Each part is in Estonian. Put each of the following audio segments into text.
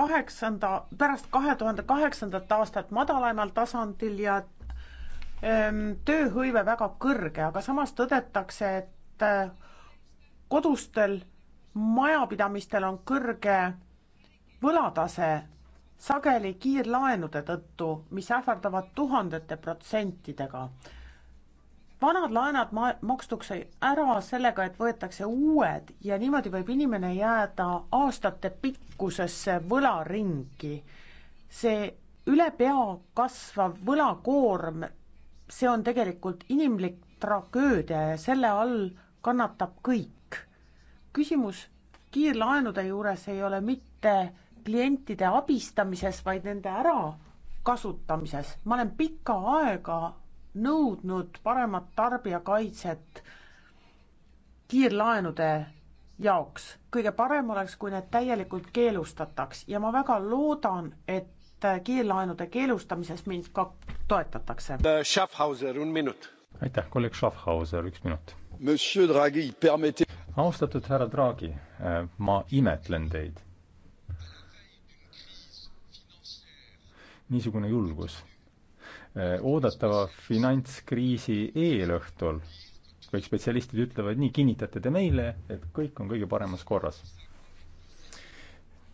kaheksanda, pärast kahe tuhande kaheksandat aastat madalaimal tasandil ja ähm, tööhõive väga kõrge, aga samas tõdetakse, et äh, kodustel majapidamistel on kõrge võlatase sageli kiirlaenude tõttu, mis ähvardavad tuhandete protsentidega vanad laenad ma-, makstakse ära sellega, et võetakse uued ja niimoodi võib inimene jääda aastate pikkusesse võlaringi. see üle pea kasvav võlakoorm, see on tegelikult inimlik tragöödia ja selle all kannatab kõik. küsimus kiirlaenude juures ei ole mitte klientide abistamises, vaid nende ärakasutamises. ma olen pikka aega nõudnud paremat tarbijakaitset kiirlaenude jaoks. kõige parem oleks, kui need täielikult keelustataks ja ma väga loodan, et kiirlaenude keelustamises mind ka toetatakse. Äh, Schaffhauser, un minut. aitäh, kolleeg Schaffhauser, üks minut. Monsieur Draghi, permette. austatud härra Draghi, äh, ma imetlen teid. niisugune julgus Eh, oodatava finantskriisi eelõhtul, kõik spetsialistid ütlevad nii, kinnitate te meile, et kõik on kõige paremas korras.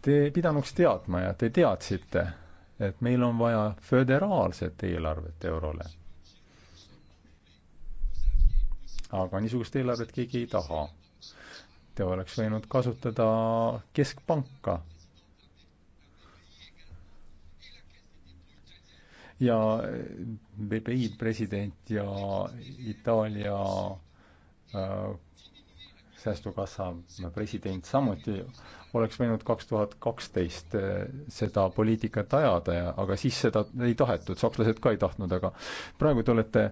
Te pidanuks teadma ja te teadsite, et meil on vaja föderaalset eelarvet eurole. aga niisugust eelarvet keegi ei taha. Te oleks võinud kasutada keskpanka ja BPI president ja Itaalia äh, säästukassa president samuti oleks võinud kaks tuhat kaksteist äh, seda poliitikat ajada ja, aga siis seda ei tahetud, sakslased ka ei tahtnud, aga praegu te olete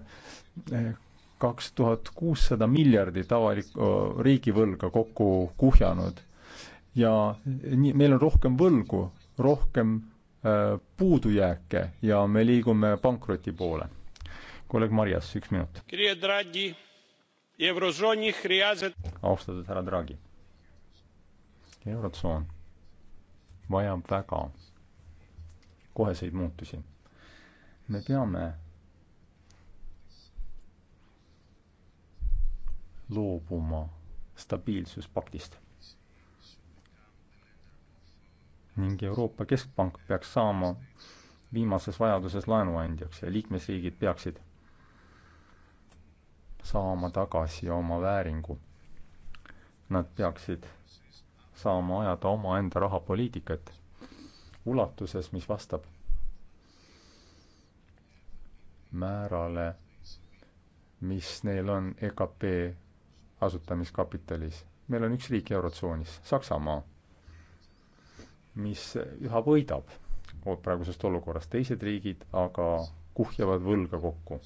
äh, kaks tuhat kuussada miljardit avalikku äh, riigivõlga kokku kuhjanud ja nii, meil on rohkem võlgu, rohkem Äh, puudujääke ja me liigume pankroti poole. kolleeg Marjas, üks minut. austatud härra Draghi. eurotsoon vajab väga koheseid muutusi. me peame loobuma stabiilsuspaktist ning Euroopa Keskpank peaks saama viimases vajaduses laenuandjaks ja liikmesriigid peaksid saama tagasi oma vääringu. Nad peaksid saama ajada omaenda rahapoliitikat ulatuses, mis vastab määrale, mis neil on EKP asutamiskapitalis. meil on üks riik Eurotsoonis, Saksamaa mis üha võidab praegusest olukorrast, teised riigid aga kuhjavad võlga kokku.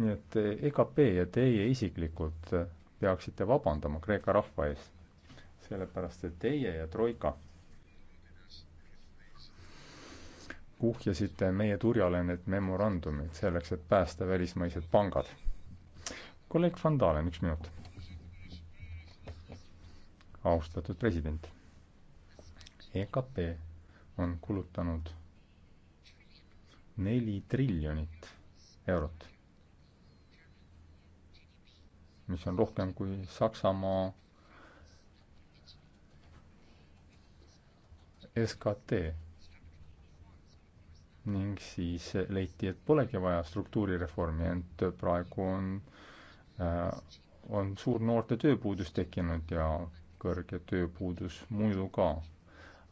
nii et EKP eh, e ja teie isiklikult peaksite vabandama Kreeka rahva ees, sellepärast et teie ja Troika kuhjasite meie turjale need memorandumid selleks, et päästa välismaised pangad. kolleeg Van Dalen, üks minut. austatud president EKP on kulutanud neli triljonit eurot, mis on rohkem kui Saksamaa SKT ning siis leiti, et polegi vaja struktuurireformi, ent praegu on äh,, on suur noorte tööpuudus tekkinud ja kõrge tööpuudus muidu ka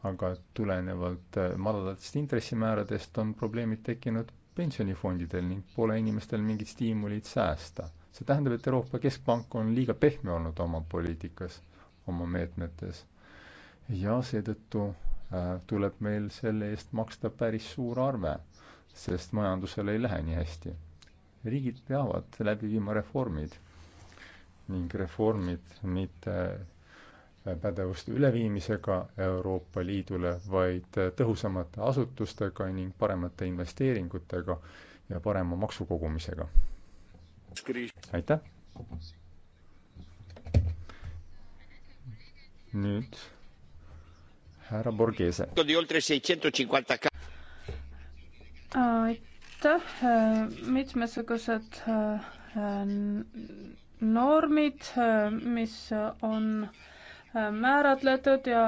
aga tulenevalt äh, madalatest intressimääradest on probleemid tekkinud pensionifondidel ning pole inimestel mingit stiimulit säästa. see tähendab, et Euroopa Keskpank on liiga pehme olnud oma poliitikas, oma meetmetes. ja seetõttu äh, tuleb meil selle eest maksta päris suur arve, sest majandusel ei lähe nii hästi. riigid peavad läbi viima reformid ning reformid mitte pädevuste üleviimisega Euroopa Liidule, vaid tõhusamate asutustega ning paremate investeeringutega ja parema maksukogumisega. aitäh! nüüd härra Borghese. aitäh, mitmesugused äh, normid, äh, mis on äh, määratletud ja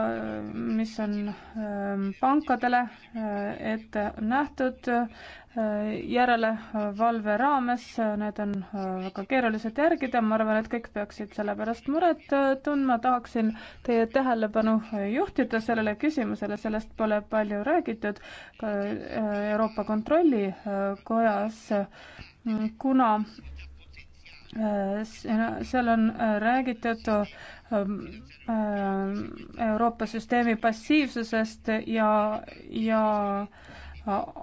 mis on ähm, pankadele äh, ette nähtud äh, järelevalve raames, need on äh, väga keerulised järgida, ma arvan, et kõik peaksid selle pärast muret tundma, tahaksin teie tähelepanu juhtida sellele küsimusele, sellest pole palju räägitud ka Euroopa Kontrollikojas, kuna Äh, seal on äh, räägitud ähm, äh, Euroopa süsteemi passiivsusest ja, ja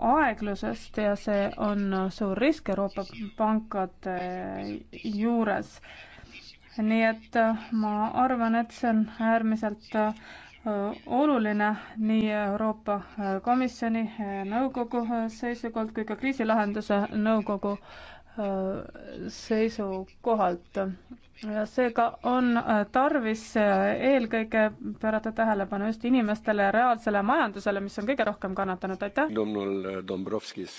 aeglusest ja see on suur risk Euroopa pankade juures. nii et ma arvan, et see on äärmiselt oluline nii Euroopa Komisjoni nõukogu seisukohalt kui ka kriisilahenduse nõukogu seisukohalt ja seega on äh, tarvis äh, eelkõige pöörata tähelepanu just inimestele ja reaalsele majandusele, mis on kõige rohkem kannatanud, aitäh!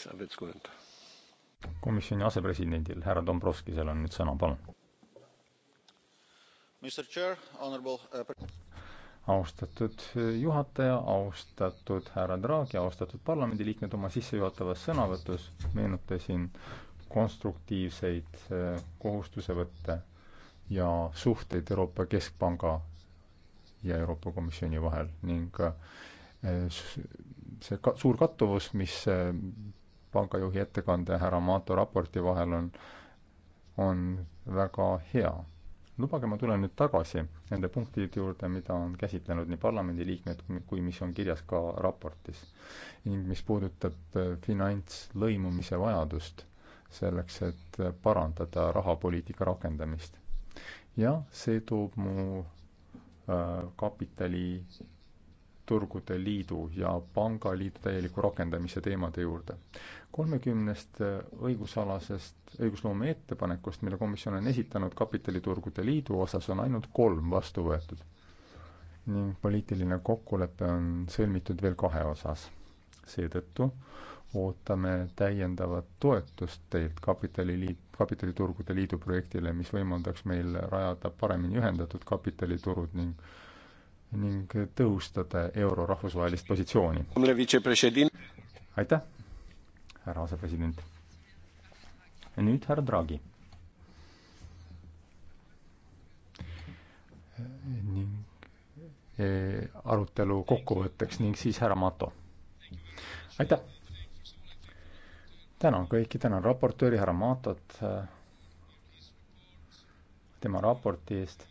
Äh, komisjoni asepresidendil härra Dombrovskisel on nüüd sõna, palun. austatud juhataja, austatud härra Draghi, austatud parlamendiliikmed, oma sissejuhatavas sõnavõtus meenutasin konstruktiivseid eh, kohustusevõtte ja suhteid Euroopa Keskpanga ja Euroopa Komisjoni vahel ning eh, see ka-, suur kattuvus, mis eh, pangajuhi ettekande härra Maato raporti vahel on, on väga hea. lubage, ma tulen nüüd tagasi nende punktide juurde, mida on käsitlenud nii parlamendiliikmed kui mis on kirjas ka raportis ning mis puudutab finantslõimumise vajadust selleks, et parandada rahapoliitika rakendamist. jah, see toob mu äh, kapitaliturgude liidu ja pangaliidu täieliku rakendamise teemade juurde. kolmekümnest äh, õigusalasest õigusloome ettepanekust, mille komisjon on esitanud kapitaliturgude liidu osas, on ainult kolm vastu võetud. ning poliitiline kokkulepe on sõlmitud veel kahe osas seetõttu ootame täiendavat toetust teilt kapitaliliit, kapitaliturgude liidu projektile, mis võimaldaks meil rajada paremini ühendatud kapitaliturud ning ning tõhustada euro rahvusvahelist positsiooni. aitäh, härra asepresident. ja nüüd härra Draghi. ning eh, arutelu kokkuvõtteks ning siis härra Mato aitäh! tänan kõiki, tänan raportööri härra Matot äh, tema raporti eest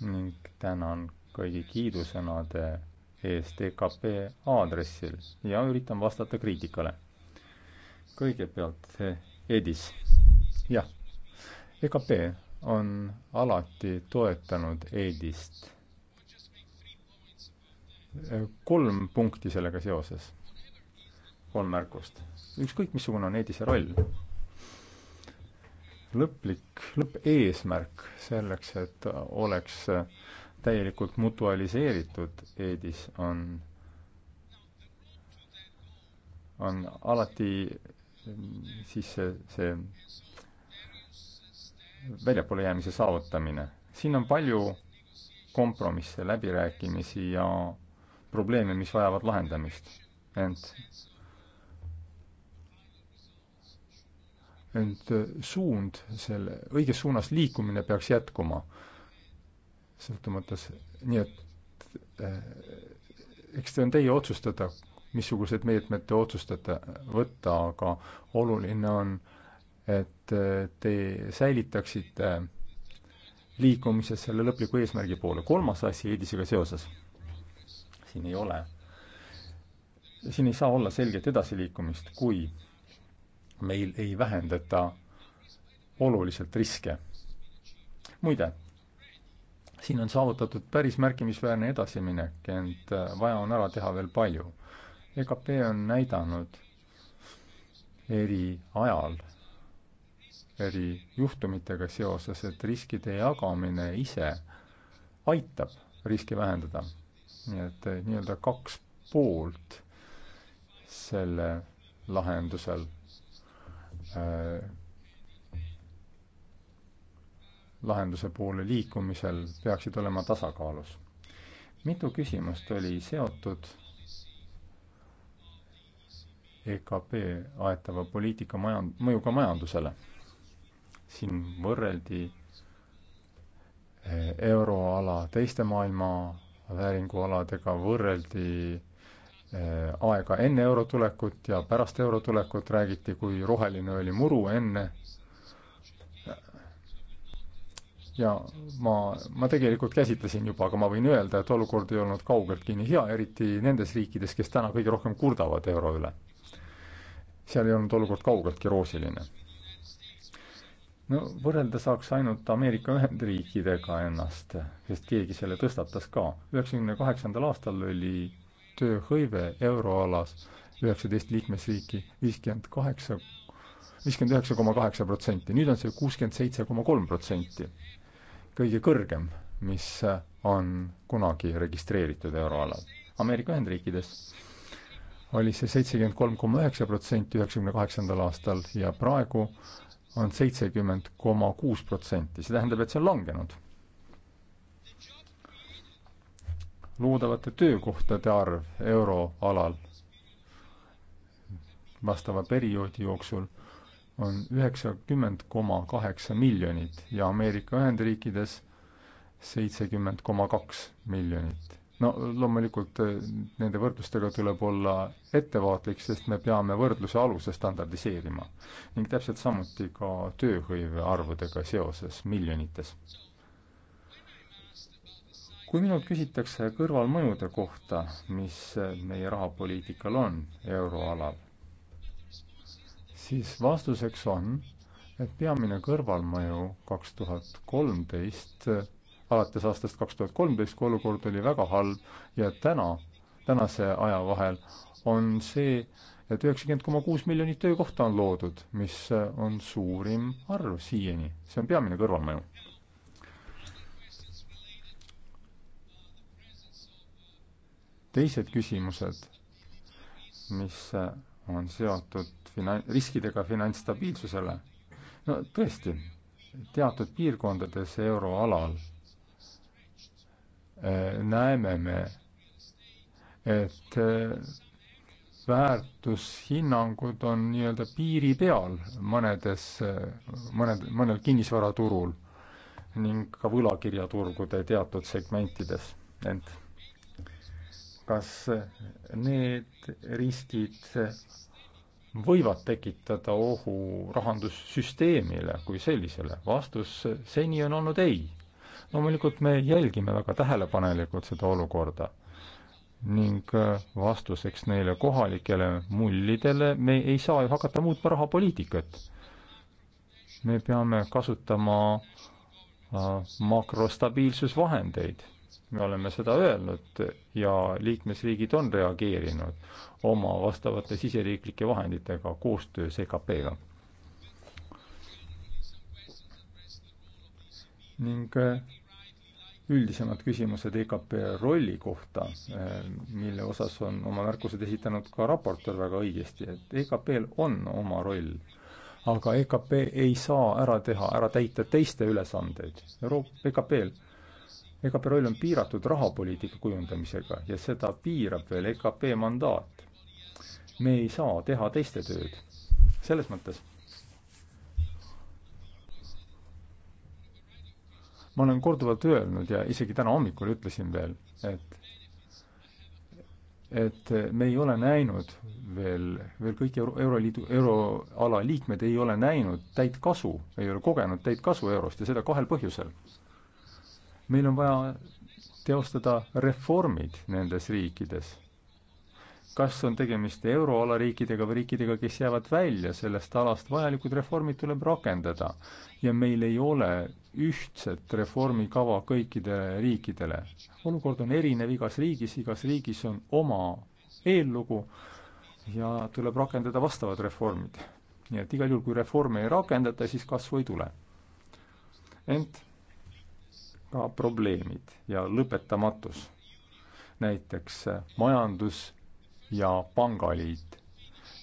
ning tänan kõigi kiidusõnade eest EKP aadressil ja üritan vastata kriitikale. kõigepealt eh, Edis. jah, EKP on alati toetanud Edist kolm punkti sellega seoses, kolm märkust. ükskõik, missugune on eedise roll, lõplik, lõppeesmärk selleks, et oleks täielikult mutualiseeritud eedis, on, on alati siis see, see väljapoole jäämise saavutamine. siin on palju kompromisse, läbirääkimisi ja probleeme, mis vajavad lahendamist. ent, ent suund, selle õiges suunas liikumine peaks jätkuma. sõltumata, nii et eh, eks see on teie otsustada, missugused meetmed te otsustate võtta, aga oluline on, et eh, te säilitaksite liikumise selle lõpliku eesmärgi poole. kolmas asi EDIS-iga seoses siin ei ole, siin ei saa olla selget edasiliikumist, kui meil ei vähendata oluliselt riske. muide, siin on saavutatud päris märkimisväärne edasiminek, ent äh, vaja on ära teha veel palju. EKP on näidanud eri ajal, eri juhtumitega seoses, et riskide jagamine ise aitab riski vähendada nii et eh, nii-öelda kaks poolt selle lahendusel äh, lahenduse poole liikumisel peaksid olema tasakaalus. mitu küsimust oli seotud EKP aetava poliitika majand-, mõjuga majandusele. siin võrreldi eh, euroala teiste maailma vääringualadega võrreldi eh, aega enne euro tulekut ja pärast euro tulekut räägiti, kui roheline oli muru enne. ja ma, ma tegelikult käsitlesin juba, aga ma võin öelda, et olukord ei olnud kaugeltki nii hea, eriti nendes riikides, kes täna kõige rohkem kurdavad euro üle. seal ei olnud olukord kaugeltki roosiline no võrrelda saaks ainult Ameerika Ühendriikidega ennast, sest keegi selle tõstatas ka. üheksakümne kaheksandal aastal oli tööhõive euroalas üheksateist liikmesriiki viiskümmend kaheksa, viiskümmend üheksa koma kaheksa protsenti, nüüd on see kuuskümmend seitse koma kolm protsenti. kõige kõrgem, mis on kunagi registreeritud euroalal. Ameerika Ühendriikides oli see seitsekümmend kolm koma üheksa protsenti üheksakümne kaheksandal aastal ja praegu on seitsekümmend koma kuus protsenti, see tähendab, et see on langenud. loodavate töökohtade arv euroalal vastava perioodi jooksul on üheksakümmend koma kaheksa miljonit ja Ameerika Ühendriikides seitsekümmend koma kaks miljonit no loomulikult eh, nende võrdlustega tuleb olla ettevaatlik, sest me peame võrdluse aluse standardiseerima. ning täpselt samuti ka tööhõive arvudega seoses miljonites. kui minult küsitakse kõrvalmõjude kohta, mis meie rahapoliitikal on euroalal, siis vastuseks on, et peamine kõrvalmõju kaks tuhat kolmteist alates aastast kaks tuhat kolmteist, kui olukord oli väga halb ja täna, tänase aja vahel on see, et üheksakümmend koma kuus miljonit töökohta on loodud, mis on suurim arv siiani. see on peamine kõrvalmõju. teised küsimused, mis on seotud finan-, riskidega finantsstabiilsusele. no tõesti, teatud piirkondades euroalal näeme me, et äh, väärtushinnangud on nii-öelda piiri peal mõnedes, mõned, mõnel kinnisvaraturul ning ka võlakirjaturgude teatud segmentides, ent kas need riskid võivad tekitada ohu rahandussüsteemile kui sellisele? vastus seni on olnud ei loomulikult me jälgime väga tähelepanelikult seda olukorda ning äh, vastuseks neile kohalikele mullidele me ei saa ju hakata muutma rahapoliitikat. me peame kasutama äh, makrostabiilsusvahendeid, me oleme seda öelnud ja liikmesriigid on reageerinud oma vastavate siseriiklike vahenditega koostöös EKP-ga. ning äh, üldisemad küsimused EKP rolli kohta, eh, mille osas on oma märkused esitanud ka raportöör väga õigesti, et EKP-l on oma roll. aga EKP ei saa ära teha, ära täita teiste ülesandeid. Euroopa, EKP-l, EKP roll on piiratud rahapoliitika kujundamisega ja seda piirab veel EKP mandaat. me ei saa teha teiste tööd. selles mõttes ma olen korduvalt öelnud ja isegi täna hommikul ütlesin veel, et et me ei ole näinud veel, veel kõik euro, Euroliidu, euroala liikmed ei ole näinud täit kasu, ei ole kogenud täit kasu eurost ja seda kahel põhjusel. meil on vaja teostada reformid nendes riikides. kas on tegemist euroala riikidega või riikidega, kes jäävad välja sellest alast, vajalikud reformid tuleb rakendada. ja meil ei ole ühtset reformikava kõikidele riikidele. olukord on erinev igas riigis, igas riigis on oma eellugu ja tuleb rakendada vastavad reformid. nii et igal juhul, kui reforme ei rakendata, siis kasvu ei tule. ent ka probleemid ja lõpetamatus, näiteks majandus- ja pangaliit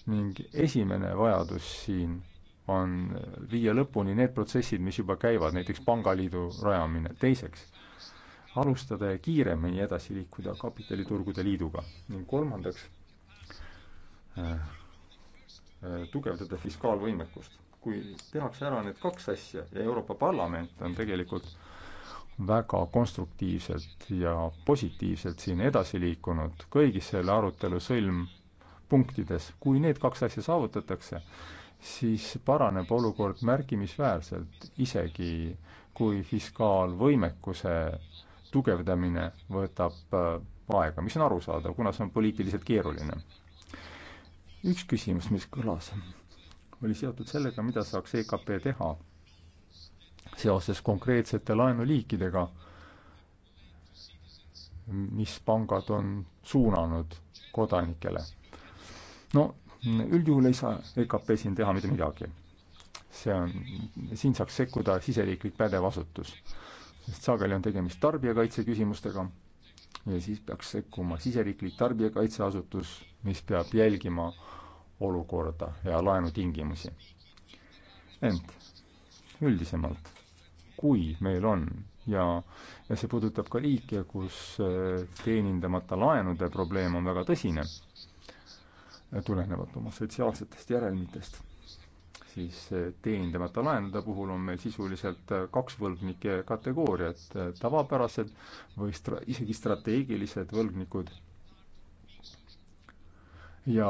ning esimene vajadus siin on viia lõpuni need protsessid, mis juba käivad, näiteks pangaliidu rajamine. teiseks, alustada ja kiiremini edasi liikuda kapitaliturgude liiduga. ning kolmandaks äh,, äh, tugevdada fiskaalvõimekust. kui tehakse ära need kaks asja ja Euroopa Parlament on tegelikult väga konstruktiivselt ja positiivselt siin edasi liikunud kõigis selle arutelu sõlmpunktides, kui need kaks asja saavutatakse, siis paraneb olukord märkimisväärselt, isegi kui fiskaalvõimekuse tugevdamine võtab äh, aega, mis on arusaadav, kuna see on poliitiliselt keeruline. üks küsimus, mis kõlas, oli seotud sellega, mida saaks EKP teha seoses konkreetsete laenuliikidega, mis pangad on suunanud kodanikele. no üldjuhul ei saa EKP siin teha mitte midagi. see on, siin saaks sekkuda siseriiklik pädev asutus, sest sageli on tegemist tarbijakaitse küsimustega ja siis peaks sekkuma siseriiklik tarbijakaitseasutus, mis peab jälgima olukorda ja laenutingimusi. ent üldisemalt, kui meil on ja, ja see puudutab ka riike, kus eh, teenindamata laenude probleem on väga tõsine, tulenevad oma sotsiaalsetest järelmitest, siis eh, teenindamata laenude puhul on meil sisuliselt eh, kaks võlgnike kategooriat, eh, tavapärased või stra-, isegi strateegilised võlgnikud ja,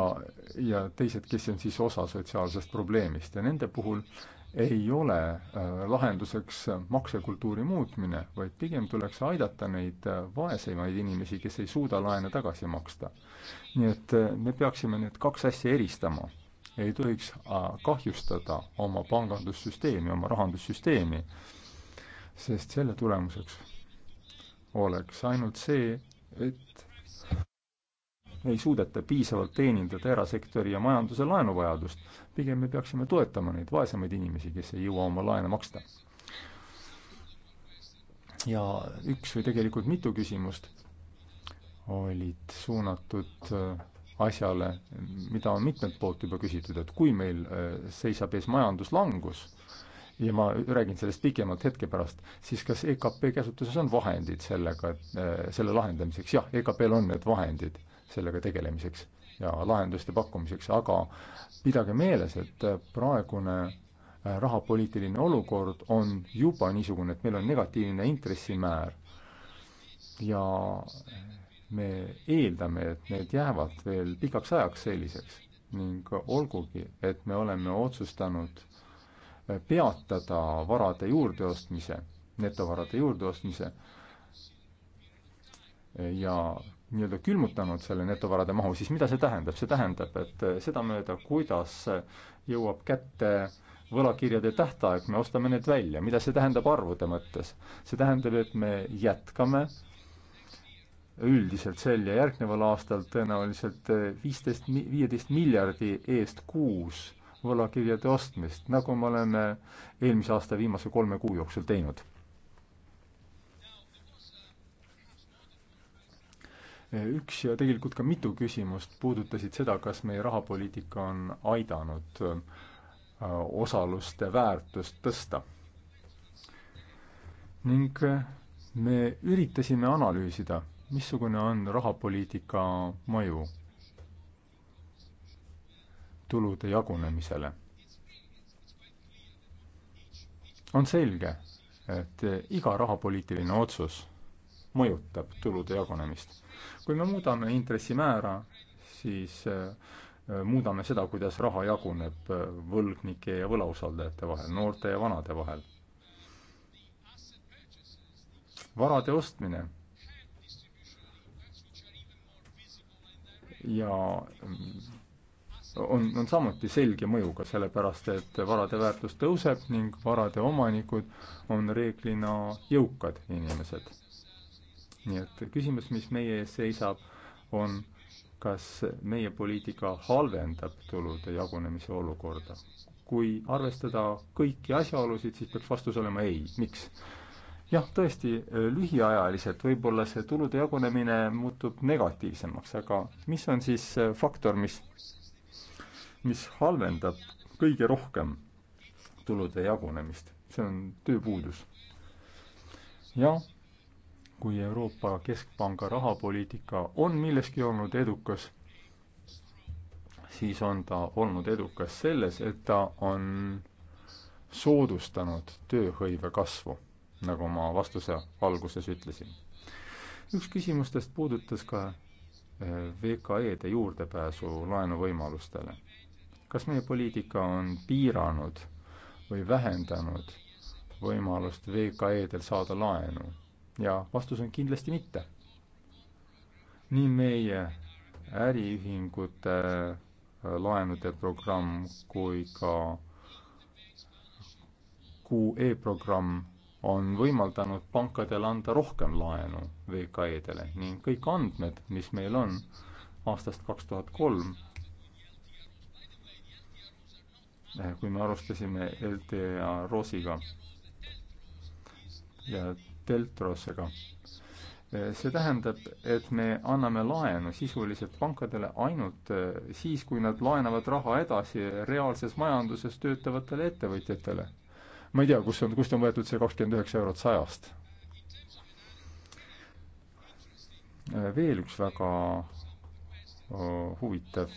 ja teised, kes on siis osa sotsiaalsest probleemist ja nende puhul ei ole äh, lahenduseks maksekultuuri muutmine, vaid pigem tuleks aidata neid äh, vaesemaid inimesi, kes ei suuda laene tagasi maksta. nii et äh, me peaksime need kaks asja eristama. ei tohiks kahjustada oma pangandussüsteemi, oma rahandussüsteemi, sest selle tulemuseks oleks ainult see, et ei suudeta piisavalt teenindada erasektori ja majanduse laenuvajadust. pigem me peaksime toetama neid vaesemaid inimesi, kes ei jõua oma laene maksta. ja üks või tegelikult mitu küsimust olid suunatud äh, asjale, mida on mitmelt poolt juba küsitud, et kui meil äh, seisab ees majanduslangus, ja ma räägin sellest pikemalt hetke pärast, siis kas EKP käsutuses on vahendid sellega, äh, selle lahendamiseks? jah, EKP-l on need vahendid sellega tegelemiseks ja lahenduste pakkumiseks, aga pidage meeles, et praegune äh, rahapoliitiline olukord on juba niisugune, et meil on negatiivne intressimäär ja me eeldame, et need jäävad veel pikaks ajaks selliseks ning olgugi, et me oleme otsustanud äh, peatada varade juurdeostmise, netovarade juurdeostmise ja nii-öelda külmutanud selle netovarade mahu, siis mida see tähendab? see tähendab, et sedamööda, kuidas jõuab kätte võlakirjade tähtaeg, me ostame need välja, mida see tähendab arvude mõttes? see tähendab, et me jätkame üldiselt sel ja järgneval aastal tõenäoliselt viisteist, viieteist miljardi eest kuus võlakirjade ostmist, nagu me oleme eelmise aasta viimase kolme kuu jooksul teinud üks ja tegelikult ka mitu küsimust puudutasid seda, kas meie rahapoliitika on aidanud äh, osaluste väärtust tõsta. ning äh, me üritasime analüüsida, missugune on rahapoliitika mõju tulude jagunemisele. on selge, et äh, iga rahapoliitiline otsus mõjutab tulude jagunemist. kui me muudame intressimäära, siis äh, muudame seda, kuidas raha jaguneb äh, võlgnike ja võlausaldajate vahel, noorte ja vanade vahel. varade ostmine ja mm, on, on samuti selge mõjuga, sellepärast et varade väärtus tõuseb ning varade omanikud on reeglina jõukad inimesed nii et küsimus, mis meie ees seisab, on, kas meie poliitika halvendab tulude jagunemise olukorda. kui arvestada kõiki asjaolusid, siis peaks vastus olema ei, miks? jah, tõesti, lühiajaliselt võib-olla see tulude jagunemine muutub negatiivsemaks, aga mis on siis faktor, mis, mis halvendab kõige rohkem tulude jagunemist? see on tööpuudus. jah kui Euroopa Keskpanga rahapoliitika on milleski olnud edukas, siis on ta olnud edukas selles, et ta on soodustanud tööhõive kasvu, nagu ma vastuse alguses ütlesin. üks küsimustest puudutas ka äh, VKE-de juurdepääsu laenuvõimalustele. kas meie poliitika on piiranud või vähendanud võimalust VKE-del saada laenu? ja vastus on kindlasti mitte. nii meie äriühingute äh, laenude programm kui ka QE programm on võimaldanud pankadel anda rohkem laenu VKE-dele ning kõik andmed, mis meil on aastast kaks tuhat kolm, äh, kui me alustasime LTA Rosiga ja Deltrosega. see tähendab, et me anname laenu sisuliselt pankadele ainult eh, siis, kui nad laenavad raha edasi reaalses majanduses töötavatele ettevõtjatele. ma ei tea, kus on, kust on võetud see kakskümmend üheksa eurot sajast. Eh, veel üks väga eh, huvitav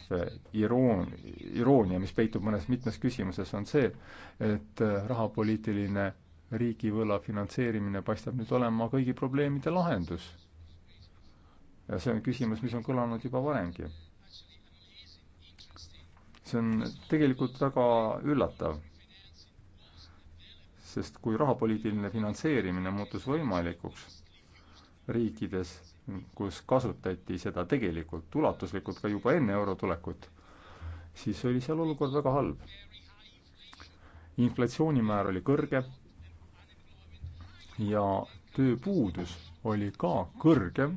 iroon, iroonia, mis peitub mõnes mitmes küsimuses, on see, et rahapoliitiline riigivõla finantseerimine paistab nüüd olema kõigi probleemide lahendus. ja see on küsimus, mis on kõlanud juba varemgi. see on tegelikult väga üllatav. sest kui rahapoliitiline finantseerimine muutus võimalikuks riikides, kus kasutati seda tegelikult ulatuslikult ka juba enne euro tulekut, siis oli seal olukord väga halb. inflatsioonimäär oli kõrge ja tööpuudus oli ka kõrgem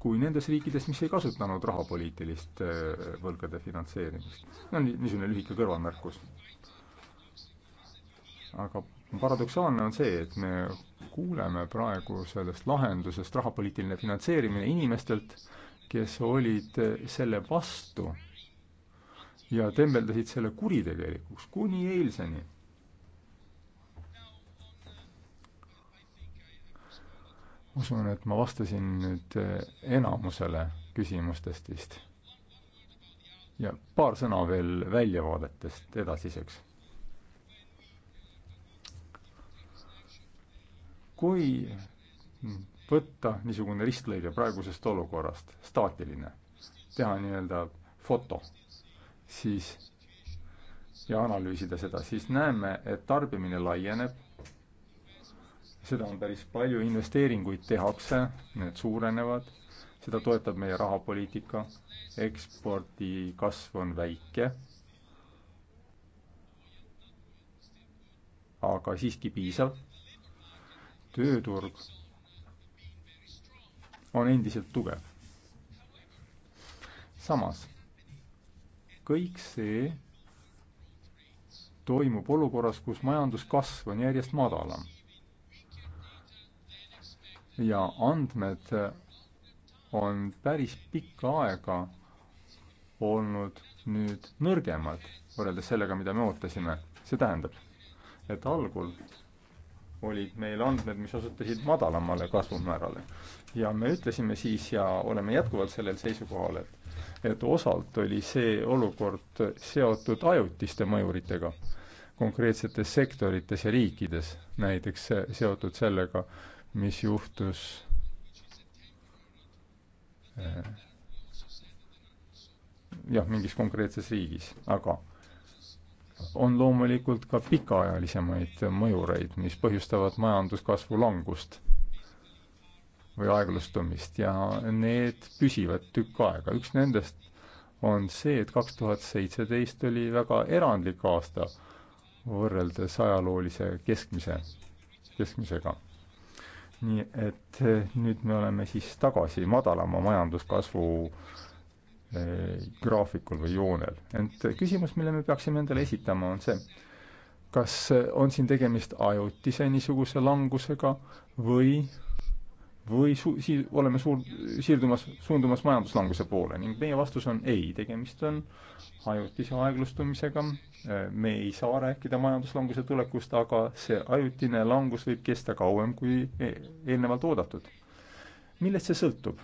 kui nendes riikides, mis ei kasutanud rahapoliitilist äh, võlgade finantseerimist. no nii, niisugune lühike kõrvalmärkus. aga paradoksaalne on see, et me kuuleme praegu sellest lahendusest rahapoliitiline finantseerimine inimestelt, kes olid äh, selle vastu ja tembeldasid selle kuritegelikuks kuni eilseni usun, et ma vastasin nüüd eh, enamusele küsimustest vist. ja paar sõna veel väljavaadetest edasiseks. kui võtta niisugune ristlõige praegusest olukorrast, staatiline, teha nii-öelda foto, siis ja analüüsida seda, siis näeme, et tarbimine laieneb, seda on päris palju, investeeringuid tehakse, need suurenevad, seda toetab meie rahapoliitika, ekspordi kasv on väike, aga siiski piisav, tööturg on endiselt tugev. samas, kõik see toimub olukorras, kus majanduskasv on järjest madalam ja andmed on päris pikka aega olnud nüüd nõrgemad võrreldes sellega, mida me ootasime. see tähendab, et algul olid meil andmed, mis osutasid madalamale kasvumäärale. ja me ütlesime siis ja oleme jätkuvalt sellel seisukohal, et, et osalt oli see olukord seotud ajutiste mõjuritega konkreetsetes sektorites ja riikides, näiteks seotud sellega, mis juhtus eh, jah, mingis konkreetses riigis, aga on loomulikult ka pikaajalisemaid mõjureid, mis põhjustavad majanduskasvu langust või aeglustumist ja need püsivad tükk aega. üks nendest on see, et kaks tuhat seitseteist oli väga erandlik aasta võrreldes ajaloolise keskmise, keskmisega nii et eh, nüüd me oleme siis tagasi madalama majanduskasvu eh, graafikul või joonel. ent küsimus, mille me peaksime endale esitama, on see, kas eh, on siin tegemist ajutise niisuguse langusega või või su-, sii-, oleme suur, siirdumas, suundumas majanduslanguse poole ning meie vastus on ei, tegemist on ajutise aeglustumisega, me ei saa rääkida majanduslanguse tulekust, aga see ajutine langus võib kesta kauem kui e-, eelnevalt oodatud. millest see sõltub?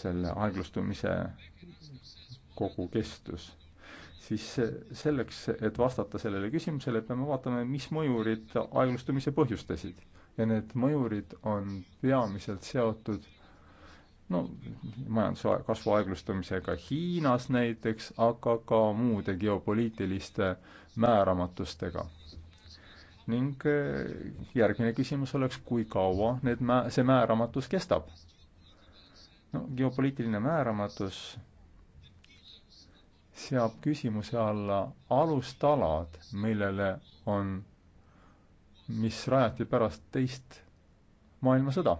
selle aeglustumise kogu kestus siis selleks, et vastata sellele küsimusele, peame vaatama, mis mõjurid aeglustumise põhjustasid ja need mõjurid on peamiselt seotud no majanduskasvu aeglustumisega Hiinas näiteks, aga ka muude geopoliitiliste määramatustega. ning eh, järgmine küsimus oleks, kui kaua need mä-, see määramatus kestab? no geopoliitiline määramatus seab küsimuse alla alustalad, millele on mis rajati pärast teist maailmasõda,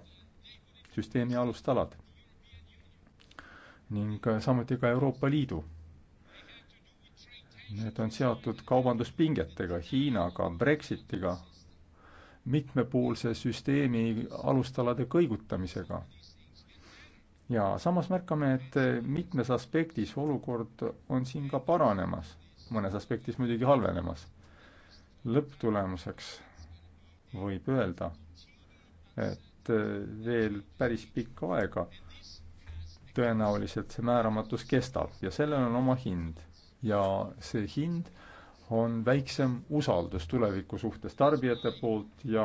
süsteemi alustalad. ning äh, samuti ka Euroopa Liidu. Need on seotud kaubanduspingetega, Hiinaga, Brexitiga, mitmepoolse süsteemi alustalade kõigutamisega. ja samas märkame, et äh, mitmes aspektis olukord on siin ka paranemas, mõnes aspektis muidugi halvenemas. lõpptulemuseks võib öelda, et äh, veel päris pikka aega tõenäoliselt see määramatus kestab ja sellel on oma hind. ja see hind on väiksem usaldus tuleviku suhtes tarbijate poolt ja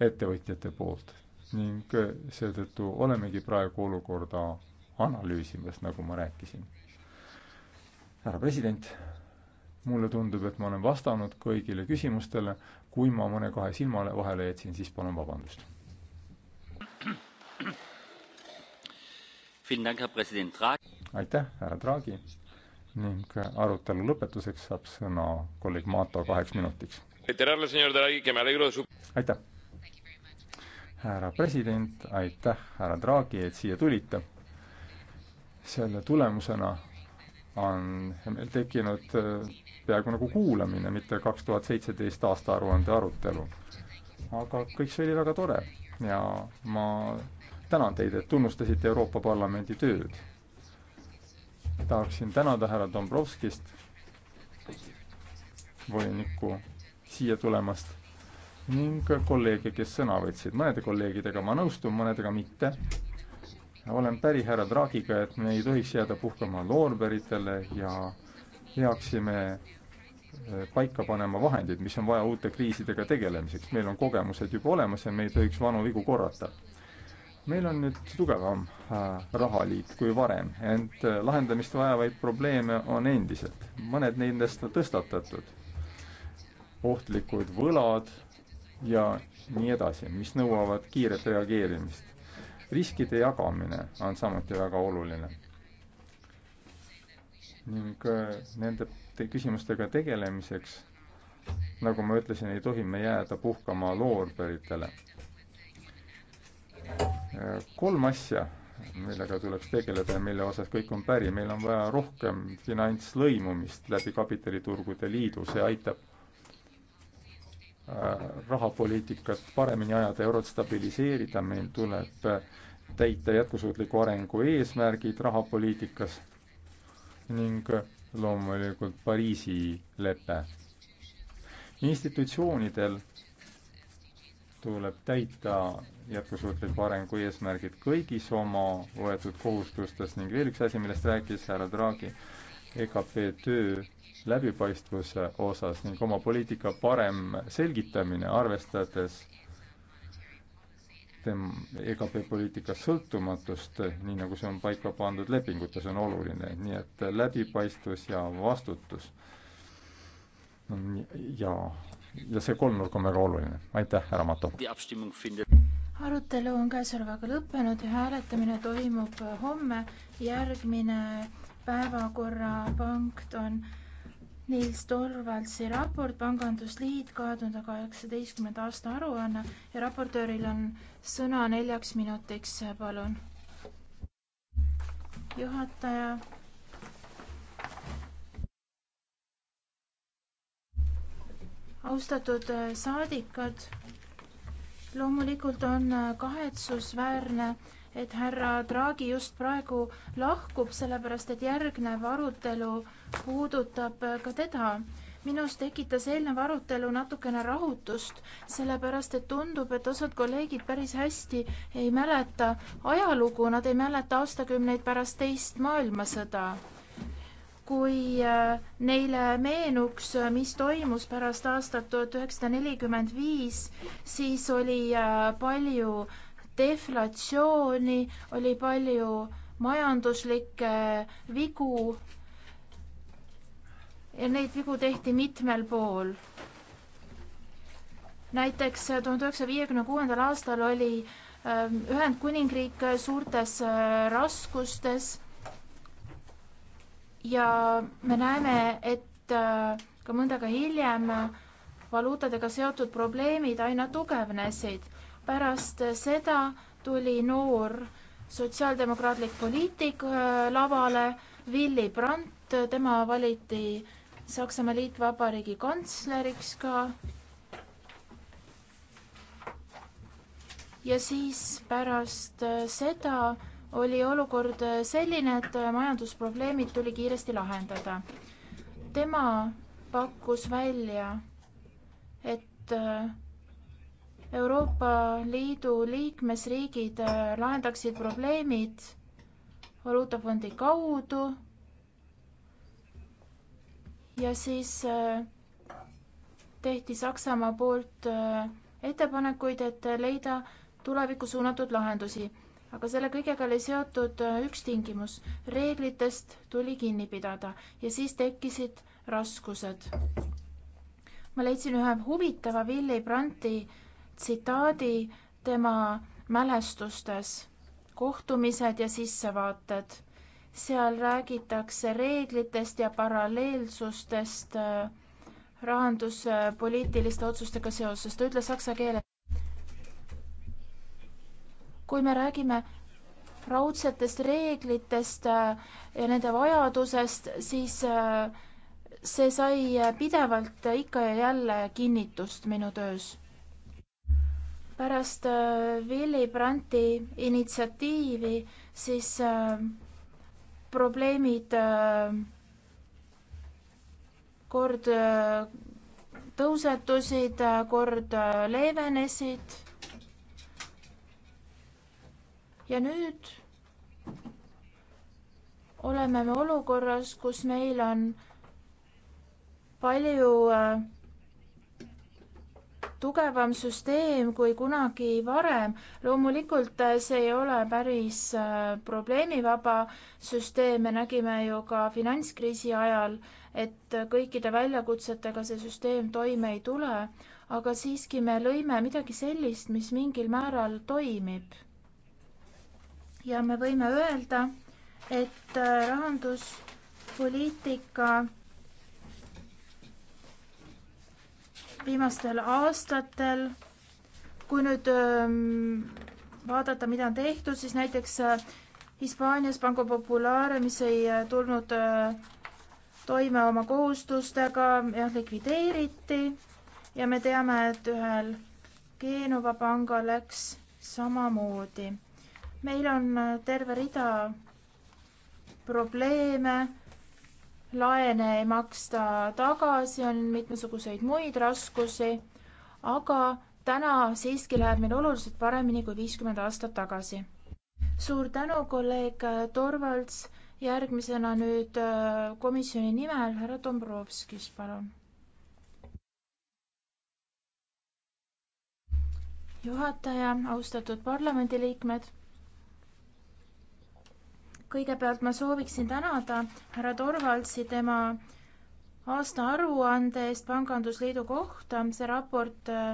ettevõtjate poolt ning äh, seetõttu olemegi praegu olukorda analüüsimas, nagu ma rääkisin. härra president, mulle tundub, et ma olen vastanud kõigile küsimustele, kui ma mõne kahe silmale vahele jätsin, siis palun vabandust. aitäh, härra Draghi ning arutelu lõpetuseks saab sõna kolleeg Mato kaheks minutiks. aitäh, härra president, aitäh, härra Draghi, et siia tulite. selle tulemusena on meil tekkinud äh, peaaegu nagu kuulamine, mitte kaks tuhat seitseteist aasta aruande arutelu. aga kõik see oli väga tore ja ma tänan teid, et tunnustasite Euroopa Parlamendi tööd. tahaksin tänada härra Dombrovskist, volinikku, siia tulemast ning kolleege, kes sõna võtsid. mõnede kolleegidega ma nõustun, mõnedega mitte olen päri härra Draghiga, et me ei tohiks jääda puhkama loorberitele ja peaksime eh, paika panema vahendid, mis on vaja uute kriisidega tegelemiseks. meil on kogemused juba olemas ja me ei tohiks vanu vigu korrata. meil on nüüd tugevam äh, rahaliit kui varem, ent äh, lahendamist vajavaid probleeme on endiselt. mõned nendest on tõstatatud. ohtlikud võlad ja nii edasi, mis nõuavad kiiret reageerimist riskide jagamine on samuti väga oluline. ning äh, nende te küsimustega tegelemiseks, nagu ma ütlesin, ei tohi me jääda puhkama loorberitele. Äh, kolm asja, millega tuleks tegeleda ja mille osas kõik on päri, meil on vaja rohkem finantslõimumist läbi kapitaliturgude liidu, see aitab Äh, rahapoliitikat paremini ajada, eurot stabiliseerida, meil tuleb äh, täita jätkusuutliku arengu eesmärgid rahapoliitikas ning äh, loomulikult Pariisi lepe. institutsioonidel tuleb täita jätkusuutliku arengu eesmärgid kõigis oma võetud kohustustes ning veel üks asi, millest rääkis härra Draghi, EKP töö läbipaistvuse osas ning oma poliitika parem selgitamine, arvestades tem-, EKP poliitika sõltumatust, nii nagu see on paika pandud lepingutes, on oluline, nii et läbipaistvus ja vastutus ja, ja see kolmnurk on väga oluline. aitäh, härra Mato! arutelu on käesolevaga lõppenud ja hääletamine toimub homme, järgmine päevakorrapunkt on Nils Torvaldsi raport Pangandusliit kahe tuhande kaheksateistkümnenda aasta aruanne ja raportööril on sõna neljaks minutiks, palun. juhataja. austatud äh, saadikud, loomulikult on äh, kahetsusväärne, et härra Draghi just praegu lahkub, sellepärast et järgnev arutelu puudutab ka teda. minus tekitas eelnev arutelu natukene rahutust, sellepärast et tundub, et osad kolleegid päris hästi ei mäleta ajalugu, nad ei mäleta aastakümneid pärast teist maailmasõda kui äh, neile meenuks, mis toimus pärast aastat tuhat üheksasada nelikümmend viis, siis oli äh, palju deflatsiooni, oli palju majanduslikke vigu ja neid vigu tehti mitmel pool. näiteks tuhande üheksasaja viiekümne kuuendal aastal oli ähm, Ühendkuningriik suurtes äh, raskustes ja me näeme, et äh, ka mõnda aega hiljem valuutadega seotud probleemid aina tugevnesid pärast seda tuli noor sotsiaaldemokraatlik poliitik äh, lavale, Willy Brandt, tema valiti Saksamaa Liitvabariigi kantsleriks ka. ja siis pärast äh, seda oli olukord äh, selline, et majandusprobleemid tuli kiiresti lahendada. tema pakkus välja, et Euroopa Liidu liikmesriigid äh, lahendaksid probleemid valuutafondi kaudu ja siis äh, tehti Saksamaa poolt äh, ettepanekuid, et leida tulevikku suunatud lahendusi. aga selle kõigega oli seotud üks tingimus, reeglitest tuli kinni pidada ja siis tekkisid raskused. ma leidsin ühe huvitava Willy Brandti tsitaadi tema mälestustes, kohtumised ja sissevaated. seal räägitakse reeglitest ja paralleelsustest äh, rahanduspoliitiliste otsustega seoses, ta ütles saksa keeles. kui me räägime raudsetest reeglitest äh, ja nende vajadusest, siis äh, see sai pidevalt ikka ja jälle kinnitust minu töös pärast äh, Willy Brandti initsiatiivi, siis äh, probleemid äh, kord tõusetusid, kord leevenesid. ja nüüd oleme me olukorras, kus meil on palju äh, tugevam süsteem kui kunagi varem. loomulikult äh, see ei ole päris äh, probleemivaba süsteem, me nägime ju ka finantskriisi ajal, et äh, kõikide väljakutsetega see süsteem toime ei tule, aga siiski me lõime midagi sellist, mis mingil määral toimib. ja me võime öelda, et rahanduspoliitika viimastel aastatel. kui nüüd ähm, vaadata, mida on tehtud, siis näiteks äh, Hispaanias Banco Populaare, mis ei äh, tulnud äh, toime oma kohustustega, jah, likvideeriti ja me teame, et ühel Genova panga läks samamoodi. meil on terve rida probleeme laene ei maksta tagasi, on mitmesuguseid muid raskusi, aga täna siiski läheb meil oluliselt paremini kui viiskümmend aastat tagasi. suur tänu, kolleeg Torvalds, järgmisena nüüd äh, komisjoni nimel härra Dombrovskis, palun. juhataja, austatud parlamendiliikmed kõigepealt ma sooviksin tänada härra Torvaldsi tema aastaaruande eest pangandusliidu kohta, see raport äh,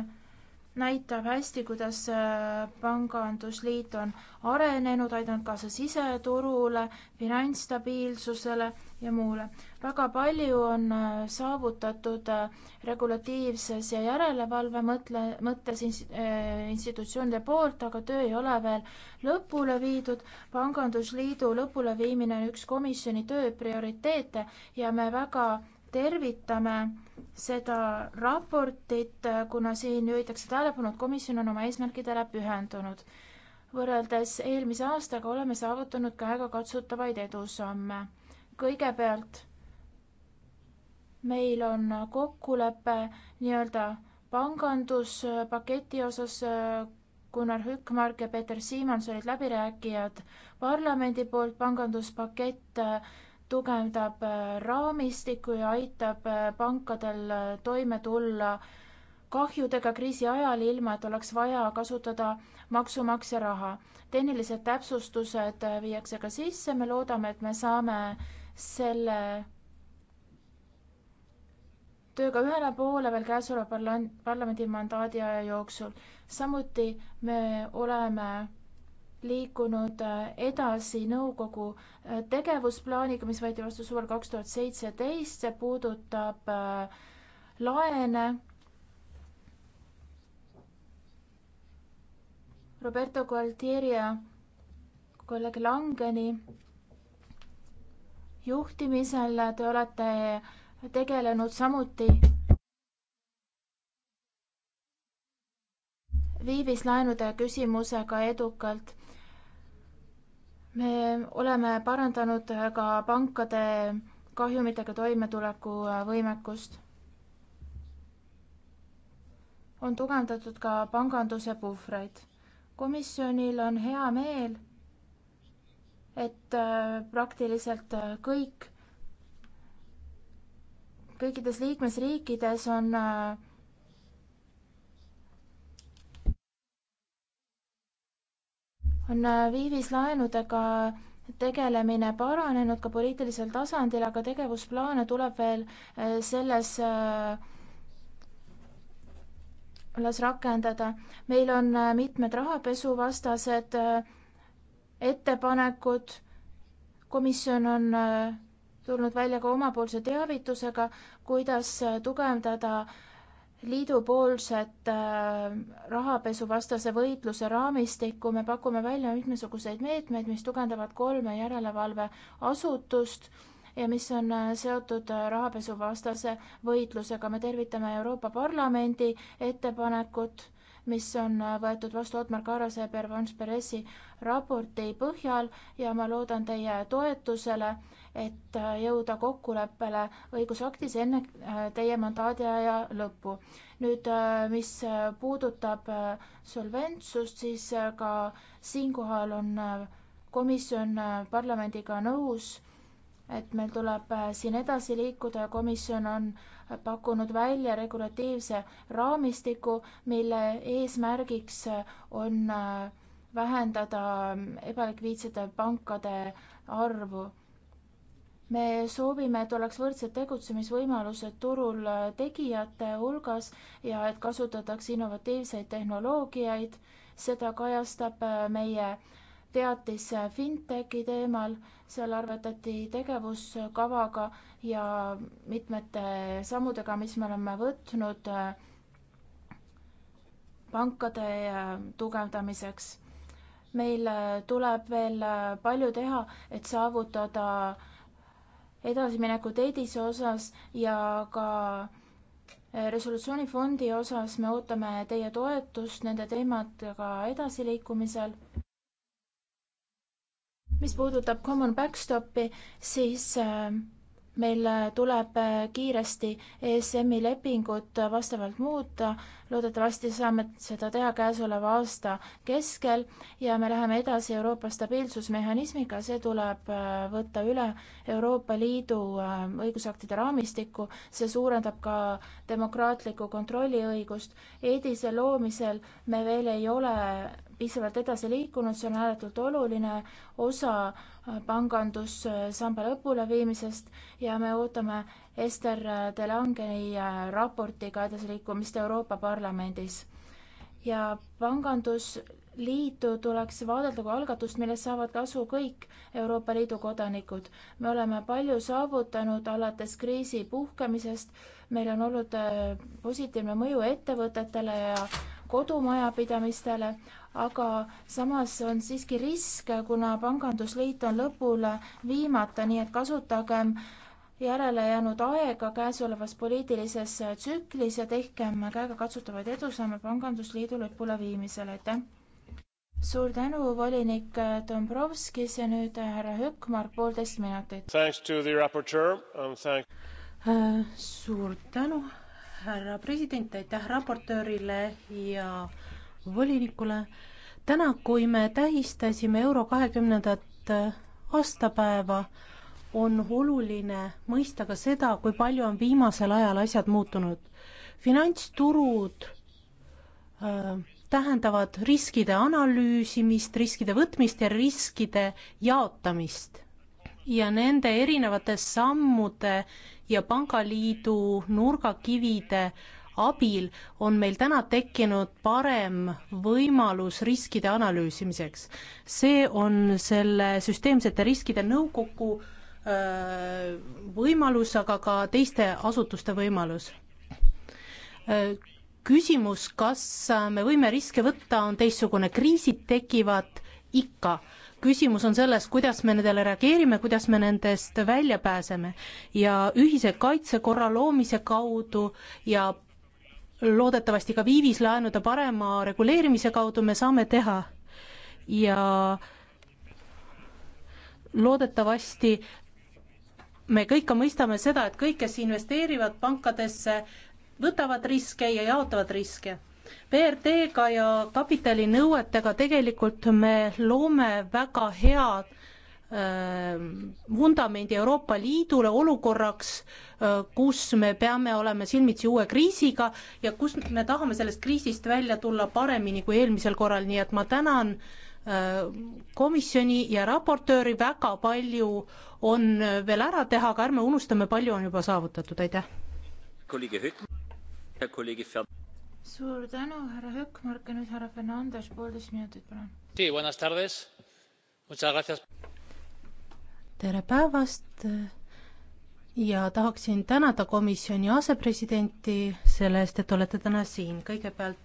näitab hästi, kuidas äh, pangandusliit on arenenud, aidanud kaasa siseturule, finantsstabiilsusele ja muule. väga palju on äh, saavutatud äh, regulatiivses ja järelevalve mõtle, mõttes institutsioonide poolt, aga töö ei ole veel lõpule viidud. pangandusliidu lõpuleviimine on üks komisjoni töö prioriteete ja me väga tervitame seda raportit, kuna siin juhitakse tähelepanu, et komisjon on oma eesmärkidele pühendunud. võrreldes eelmise aastaga oleme saavutanud käegakatsutavaid edusamme. kõigepealt meil on kokkulepe nii-öelda panganduspaketi osas, Gunnar Hökmark ja Peeter Siimons olid läbirääkijad parlamendi poolt, panganduspakett tugevdab äh, raamistikku ja aitab äh, pankadel äh, toime tulla kahjudega kriisi ajal, ilma et oleks vaja kasutada maksumaksja raha. tehnilised täpsustused viiakse ka sisse, me loodame, et me saame selle tööga ühele poole veel käesoleva parla-, parlamendi mandaadi aja jooksul. samuti me oleme liikunud äh, edasi nõukogu äh, tegevusplaaniga, mis võeti vastu suvel kaks tuhat seitseteist, see puudutab äh, laene. Roberto Gualtieri ja kolleeg Langeni juhtimisel te olete tegelenud samuti viivislaenude küsimusega edukalt me oleme parandanud ka pankade kahjumitega toimetuleku võimekust. on tugevdatud ka panganduse puhvreid. komisjonil on hea meel, et äh, praktiliselt äh, kõik, kõikides liikmesriikides on äh, on äh, viivislaenudega tegelemine paranenud ka poliitilisel tasandil, aga tegevusplaane tuleb veel äh, selles äh, alles rakendada. meil on mitmed rahapesuvastased ettepanekud, komisjon on tulnud välja ka omapoolse teavitusega, kuidas tugevdada liidupoolset äh, rahapesuvastase võitluse raamistikku me pakume välja mitmesuguseid meetmeid, mis tugevdavad kolme järelevalveasutust ja mis on äh, seotud äh, rahapesuvastase võitlusega. me tervitame Euroopa Parlamendi ettepanekut mis on võetud vastu Otmar Karase ja Pervons Peresi raporti põhjal ja ma loodan teie toetusele, et jõuda kokkuleppele õigusaktis enne äh, teie mandaadi aja lõppu. nüüd, äh, mis puudutab äh, solventsust, siis ka siinkohal on komisjon parlamendiga nõus et meil tuleb äh, siin edasi liikuda ja komisjon on äh, pakkunud välja regulatiivse raamistiku, mille eesmärgiks äh, on vähendada ähm, ebalikviidsete pankade arvu. me soovime, et oleks võrdsed tegutsemisvõimalused turul tegijate hulgas ja et kasutatakse innovatiivseid tehnoloogiaid. seda kajastab meie teatis fintechi teemal, seal arvetati tegevuskavaga ja mitmete sammudega, mis me oleme võtnud äh, pankade äh, tugevdamiseks. meil äh, tuleb veel palju teha, et saavutada edasiminekut EDIS-e osas ja ka resolutsioonifondi osas me ootame teie toetust nende teemadega edasiliikumisel mis puudutab common backstopi, siis äh, meil äh, tuleb äh, kiiresti ESM-i lepingut vastavalt muuta, loodetavasti saame seda teha käesoleva aasta keskel ja me läheme edasi Euroopa stabiilsusmehhanismiga, see tuleb võtta üle Euroopa Liidu õigusaktide raamistikku, see suurendab ka demokraatlikku kontrolliõigust. EDIS-e loomisel me veel ei ole piisavalt edasi liikunud, see on ääretult oluline osa äh, pangandussamba äh, lõpuleviimisest ja me ootame Ester äh, de Langeni raportiga edasiliikumist Euroopa Parlamendis. ja pangandusliitu tuleks vaadelda kui algatust, millest saavad kasu kõik Euroopa Liidu kodanikud. me oleme palju saavutanud alates kriisi puhkemisest, meil on olnud positiivne mõju ettevõtetele ja kodumajapidamistele, aga samas on siiski risk, kuna Pangandusliit on lõpule viimata, nii et kasutagem järele jäänud aega käesolevas poliitilises tsüklis ja tehkem käegakatsutavaid edusamme Pangandusliidu lõpule viimisel, aitäh! suur tänu, volinik Dombrovskis ja nüüd härra Hökmark, poolteist minutit. Äh, suur tänu härra president, aitäh raportöörile ja volinikule. täna, kui me tähistasime Euro kahekümnendat aastapäeva, on oluline mõista ka seda, kui palju on viimasel ajal asjad muutunud. finantsturud äh, tähendavad riskide analüüsimist, riskide võtmist ja riskide jaotamist ja nende erinevate sammude ja pangaliidu nurgakivide abil on meil täna tekkinud parem võimalus riskide analüüsimiseks. see on selle süsteemsete riskide nõukogu öö, võimalus, aga ka teiste asutuste võimalus. küsimus, kas me võime riske võtta, on teistsugune, kriisid tekivad ikka küsimus on selles, kuidas me nendele reageerime, kuidas me nendest välja pääseme ja ühise kaitsekorra loomise kaudu ja loodetavasti ka viivislaenude parema reguleerimise kaudu me saame teha ja loodetavasti me kõik ka mõistame seda, et kõik, kes investeerivad pankadesse, võtavad riske ja jaotavad riske BRD-ga ja kapitalinõuetega tegelikult me loome väga hea äh, vundamendi Euroopa Liidule olukorraks äh,, kus me peame olema silmitsi uue kriisiga ja kus me tahame sellest kriisist välja tulla paremini kui eelmisel korral, nii et ma tänan äh, komisjoni ja raportööri, väga palju on veel ära teha, aga ärme unustame, palju on juba saavutatud, aitäh. kolleeg Hütt suur tänu, härra Hökmark ja nüüd härra Fernandes, poolteist minutit, palun. tere päevast ja tahaksin tänada komisjoni asepresidenti selle eest, et olete täna siin. kõigepealt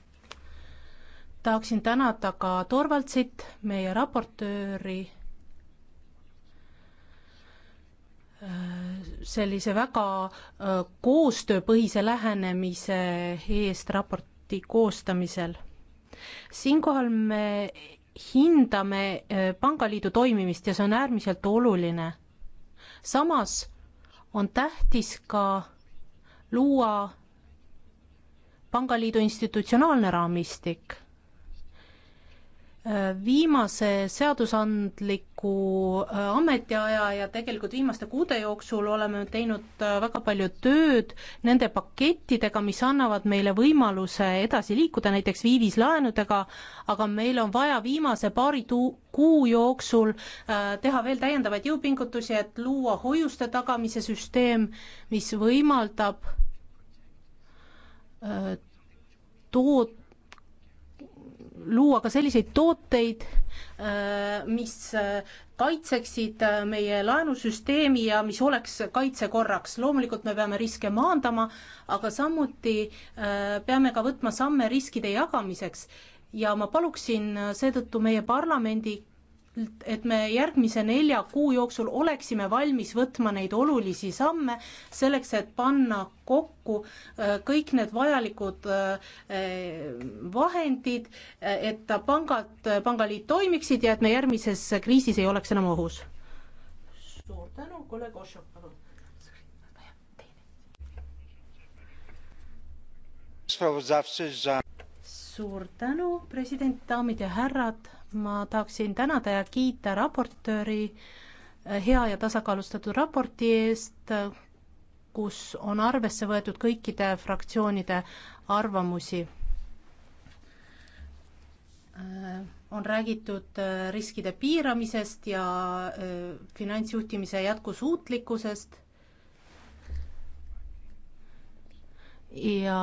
tahaksin tänada ka Torvaldsit, meie raportööri sellise väga äh, koostööpõhise lähenemise eest raporti koostamisel. siinkohal me hindame äh, pangaliidu toimimist ja see on äärmiselt oluline. samas on tähtis ka luua pangaliidu institutsionaalne raamistik viimase seadusandliku äh, ametiaja ja tegelikult viimaste kuude jooksul oleme teinud äh, väga palju tööd nende pakettidega, mis annavad meile võimaluse edasi liikuda, näiteks viivislaenudega, aga meil on vaja viimase paari tu-, kuu jooksul äh, teha veel täiendavaid jõupingutusi, et luua hoiuste tagamise süsteem, mis võimaldab toot-, luua ka selliseid tooteid, äh, mis äh, kaitseksid äh, meie laenusüsteemi ja mis oleks kaitsekorraks. loomulikult me peame riske maandama, aga samuti peame ka võtma samme riskide jagamiseks ja ma paluksin seetõttu meie parlamendi et me järgmise nelja kuu jooksul oleksime valmis võtma neid olulisi samme selleks, et panna kokku äh, kõik need vajalikud äh, äh, vahendid, et pangad, pangaliit toimiksid ja et me järgmises kriisis ei oleks enam ohus. suur tänu, kolleeg Ošov, palun. suur tänu, president, daamid ja härrad ma tahaksin tänada ja kiita raportööri eh, hea ja tasakaalustatud raporti eest, kus on arvesse võetud kõikide fraktsioonide arvamusi. Eh, on räägitud eh, riskide piiramisest ja finantsjuhtimise jätkusuutlikkusest ja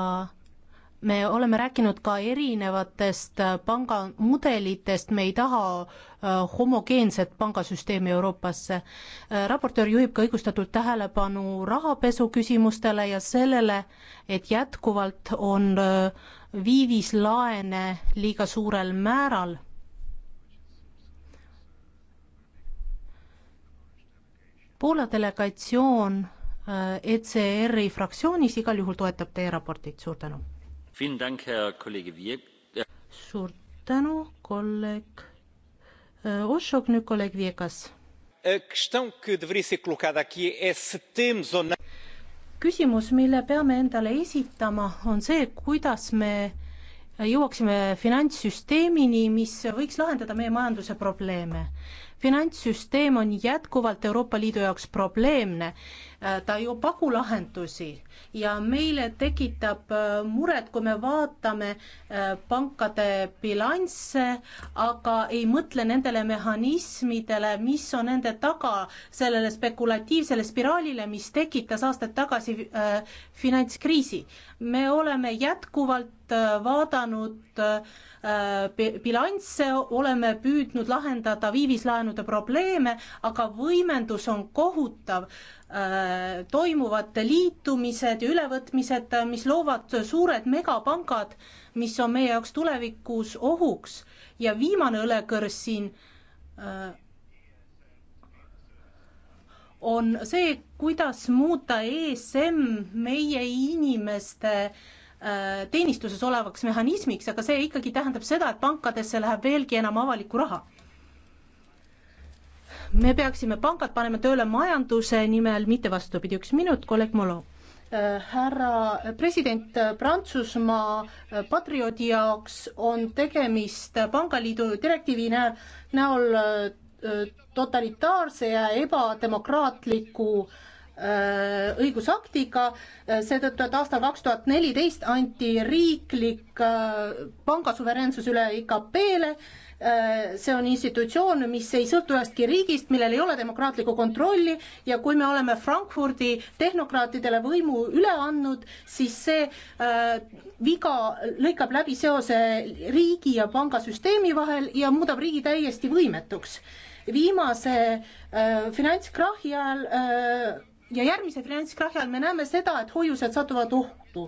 me oleme rääkinud ka erinevatest pangamudelitest, me ei taha äh, homogeenset pangasüsteemi Euroopasse. Äh, raportöör juhib ka õigustatult tähelepanu rahapesu küsimustele ja sellele, et jätkuvalt on äh, viivislaene liiga suurel määral. Poola delegatsioon ECR-i fraktsioonis igal juhul toetab teie raportit, suur tänu suur tänu, kolleeg äh, Ošok, nüüd kolleeg Viegas. Äh, küsimus, mille peame endale esitama, on see, kuidas me jõuaksime finantssüsteemini, mis võiks lahendada meie majanduse probleeme finantssüsteem on jätkuvalt Euroopa Liidu jaoks probleemne Äh, ta ju pagu lahendusi ja meile tekitab äh, muret, kui me vaatame äh, pankade bilansse, aga ei mõtle nendele mehhanismidele, mis on nende taga, sellele spekulatiivsele spiraalile, mis tekitas aastaid tagasi finantskriisi. me oleme jätkuvalt vaadanud muutnud äh, bilansse, oleme püüdnud lahendada viivislaenude probleeme, aga võimendus on kohutav. Äh, toimuvad liitumised ja ülevõtmised, mis loovad suured megapangad, mis on meie jaoks tulevikus ohuks ja viimane õlekõrs siin äh, on see, kuidas muuta ESM meie inimeste äh, Äh, teenistuses olevaks mehhanismiks, aga see ikkagi tähendab seda, et pankadesse läheb veelgi enam avalikku raha. me peaksime pangad panema tööle majanduse nimel, mitte vastupidi, üks minut, kolleeg Molo. Äh, härra president, äh, Prantsusmaa patrioodi jaoks on tegemist pangaliidu direktiivi näol, näol totalitaarse ja ebademokraatliku äh, Äh, õigusaktiga, äh, seetõttu, et aastal kaks tuhat neliteist anti riiklik äh, panga suveräänsus üle IKP-le, see on institutsioon, mis ei sõltu ühestki riigist, millel ei ole demokraatlikku kontrolli ja kui me oleme Frankfurdi tehnokraatidele võimu üle andnud, siis see äh, viga lõikab läbi seose riigi ja pangasüsteemi vahel ja muudab riigi täiesti võimetuks. viimase äh, finantskrahhi ajal äh, ja järgmise finantskrahhi all me näeme seda, et hoiused satuvad ohtu.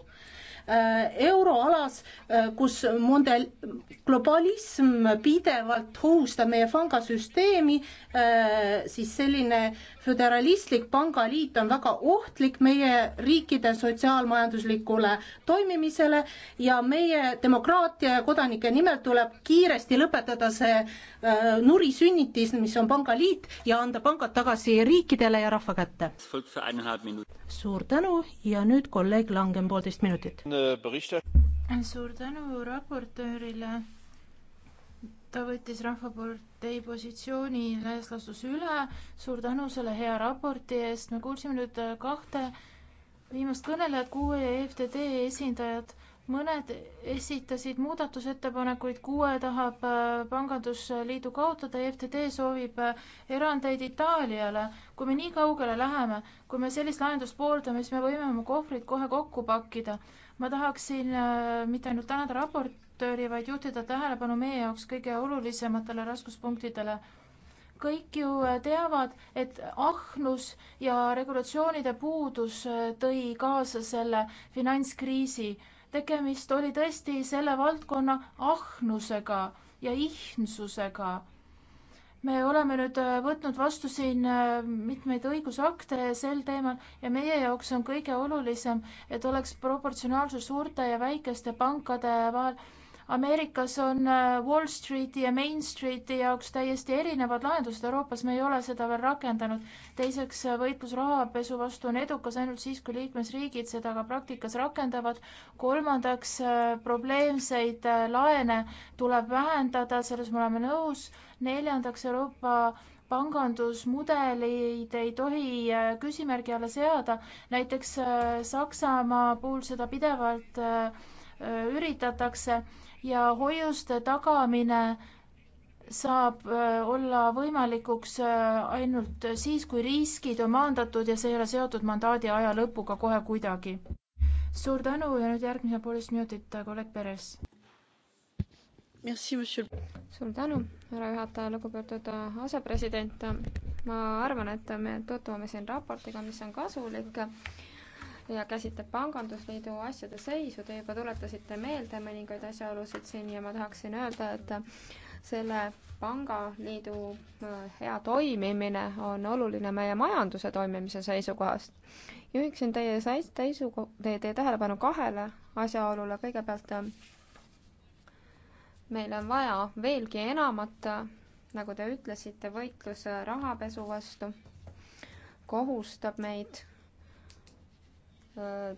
Äh, euroalas, äh, kus mondel-, globalism pidevalt hoostab meie pangasüsteemi, äh, siis selline äh, föderalistlik pangaliit on väga ohtlik meie riikide sotsiaalmajanduslikule toimimisele ja meie demokraatia ja kodanike nimel tuleb kiiresti lõpetada see äh, nurisünnitis, mis on pangaliit ja anda pangad tagasi riikidele ja rahva kätte. suur tänu ja nüüd kolleeg Langen, poolteist minutit. Äh, suur tänu raportöörile ta võttis Rahvapartei positsiooni laias laastus üle. suur tänu selle hea raporti eest. me kuulsime nüüd kahte viimast kõnelejat, kuue ja EFTD esindajad. mõned esitasid muudatusettepanekuid, kuue tahab äh, pangandusliidu kaotada, EFTD soovib äh, erandeid Itaaliale. kui me nii kaugele läheme, kui me sellist lahendust pooldame, siis me võime oma kohvrid kohe kokku pakkida. ma tahaksin äh, mitte ainult tänada raport, raportööri, vaid juhtida tähelepanu meie jaoks kõige olulisematele raskuspunktidele. kõik ju äh, teavad, et ahnus ja regulatsioonide puudus äh, tõi kaasa selle finantskriisi. tegemist oli tõesti selle valdkonna ahnusega ja ihnsusega me oleme nüüd äh, võtnud vastu siin mitmeid õigusakte sel teemal ja meie jaoks on kõige olulisem, et oleks proportsionaalsus suurte ja väikeste pankade vahel Ameerikas on äh, Wall Streeti ja Main Streeti jaoks täiesti erinevad lahendused, Euroopas me ei ole seda veel rakendanud. teiseks, äh, võitlus rahapesu vastu on edukas ainult siis, kui liikmesriigid seda ka praktikas rakendavad. kolmandaks, äh, probleemseid laene tuleb vähendada, selles me oleme nõus. neljandaks, Euroopa pangandusmudeleid ei tohi küsimärgi alla seada. näiteks Saksamaa puhul seda pidevalt üritatakse ja hoiuste tagamine saab äh, olla võimalikuks äh, ainult siis, kui riskid on maandatud ja see ei ole seotud mandaadi aja lõpuga kohe kuidagi. suur tänu ja nüüd järgmise poolteist minutit äh, kolleeg Peres. suur tänu, härra juhataja, lugupeetud asepresident. ma arvan, et me tutvume siin raportiga, mis on kasulik ja käsitleb Pangandusliidu asjade seisu. Te juba tuletasite meelde mõningaid asjaolusid siin ja ma tahaksin öelda, et selle pangaliidu äh, hea toimimine on oluline meie majanduse toimimise seisukohast. juhiksin teie seisu, teie, teie tähelepanu kahele asjaolule, kõigepealt äh, meil on vaja veelgi enamat, äh, nagu te ütlesite, võitlus rahapesu vastu kohustab meid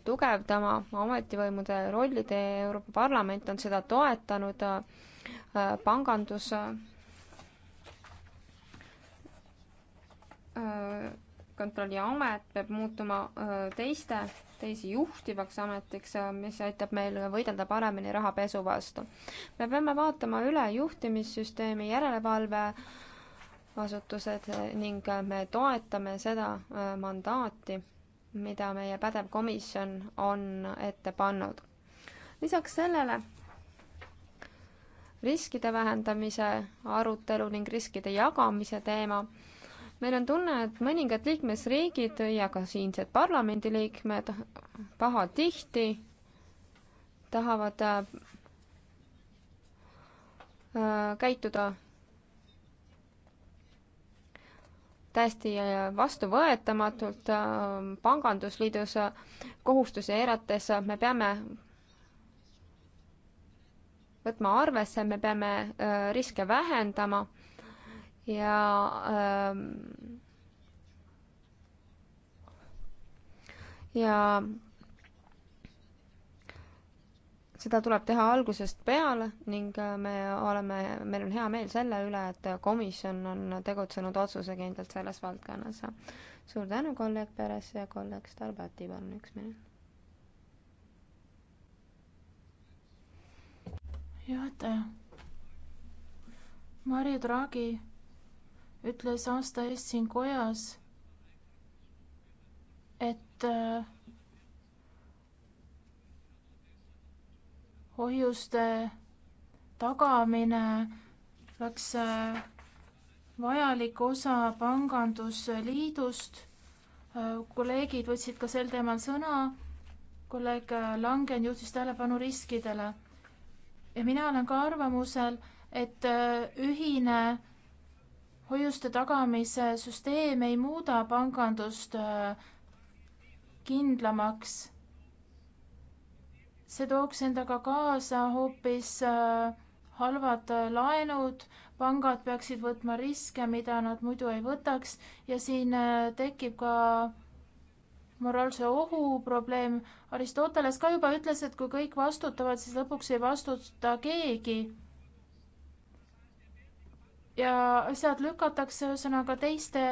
tugevdama ametivõimude rolli, teie Euroopa Parlament on seda toetanud, äh, pangandus äh, kontrolliamet peab muutuma äh, teiste, teisi juhtivaks ametiks, mis aitab meil võidelda paremini rahapesu vastu. me peame vaatama üle juhtimissüsteemi järelevalve asutused ning me toetame seda mandaati mida meie pädev komisjon on ette pannud. lisaks sellele riskide vähendamise arutelu ning riskide jagamise teema. meil on tunne, et mõningad liikmesriigid ja ka siinsed parlamendiliikmed pahatihti tahavad äh, käituda täiesti äh, vastuvõetamatult äh, pangandusliidus äh, kohustusi eirates me peame võtma arvesse, me peame riske vähendama ja ähm, ja seda tuleb teha algusest peale ning äh, me oleme, meil on hea meel selle üle, et komisjon on tegutsenud otsusekindlalt selles valdkonnas. suur tänu, kolleeg Peres ja kolleeg Starbati, palun üks minut. juhataja. Mario Draghi ütles aasta eest siin kojas, et äh, hoiuste tagamine oleks äh, vajalik osa pangandusliidust. Äh, kolleegid võtsid ka sel teemal sõna. kolleeg äh, Langen juhtis tähelepanu riskidele. ja mina olen ka arvamusel, et ühine hoiuste tagamise süsteem ei muuda pangandust kindlamaks see tooks endaga kaasa hoopis äh, halvad äh, laenud, pangad peaksid võtma riske, mida nad muidu ei võtaks ja siin äh, tekib ka moraalse ohu probleem. Aristoteles ka juba ütles, et kui kõik vastutavad, siis lõpuks ei vastuta keegi. ja asjad lükatakse ühesõnaga teiste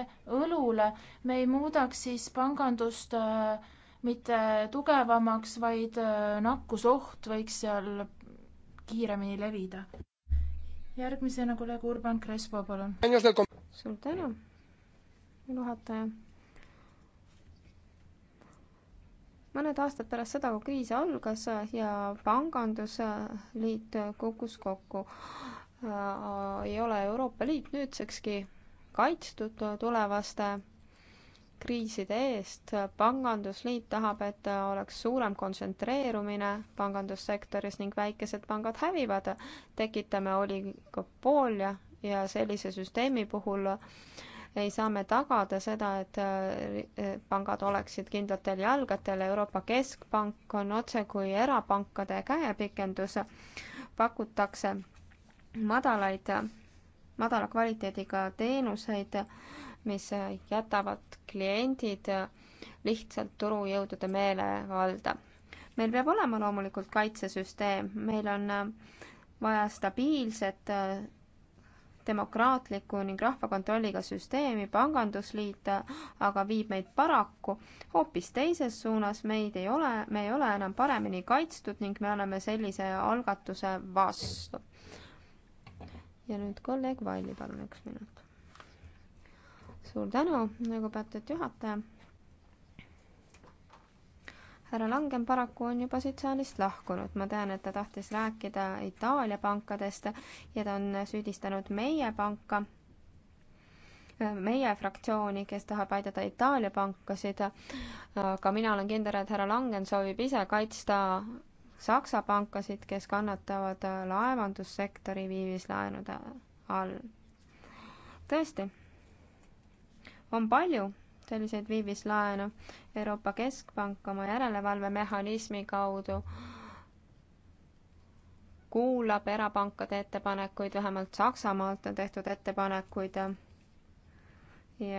õlule. me ei muudaks siis pangandust äh, mitte tugevamaks, vaid äh, nakkusoht võiks seal kiiremini levida. järgmisena kolleeg Urban Crespo, palun. suur tänu, juhataja. mõned aastad pärast seda, kui kriis algas ja pangandusliit kukkus kokku, äh, ei ole Euroopa Liit nüüdsekski kaitstud tulevaste kriiside eest. pangandusliit tahab, et oleks suurem kontsentreerumine pangandussektoris ning väikesed pangad hävivad. tekitame oligopoolia ja sellise süsteemi puhul ei saa me tagada seda, et äh, pangad oleksid kindlatel jalgadel. Euroopa Keskpank on otsekui erapankade käepikendus. pakutakse madalaid, madala kvaliteediga teenuseid mis äh, jätavad kliendid äh, lihtsalt turujõudude meelevalda. meil peab olema loomulikult kaitsesüsteem, meil on äh, vaja stabiilset demokraatlikku ning rahvakontrolliga süsteemi, pangandusliit aga viib meid paraku hoopis teises suunas, meid ei ole, me ei ole enam paremini kaitstud ning me oleme sellise algatuse vastu. ja nüüd kolleeg Valli, palun üks minut suur tänu, lugupeetud juhataja. härra Langen paraku on juba siit saalist lahkunud, ma tean, et ta tahtis rääkida Itaalia pankadest ja ta on süüdistanud meie panka, meie fraktsiooni, kes tahab aidata Itaalia pankasid. aga mina olen kindel, et härra Langen soovib ise kaitsta Saksa pankasid, kes kannatavad laevandussektori viivislaenude all. tõesti on palju selliseid viivislaenu. Euroopa Keskpank oma järelevalvemehhanismi kaudu kuulab erapankade ettepanekuid, vähemalt Saksamaalt on tehtud ettepanekuid ja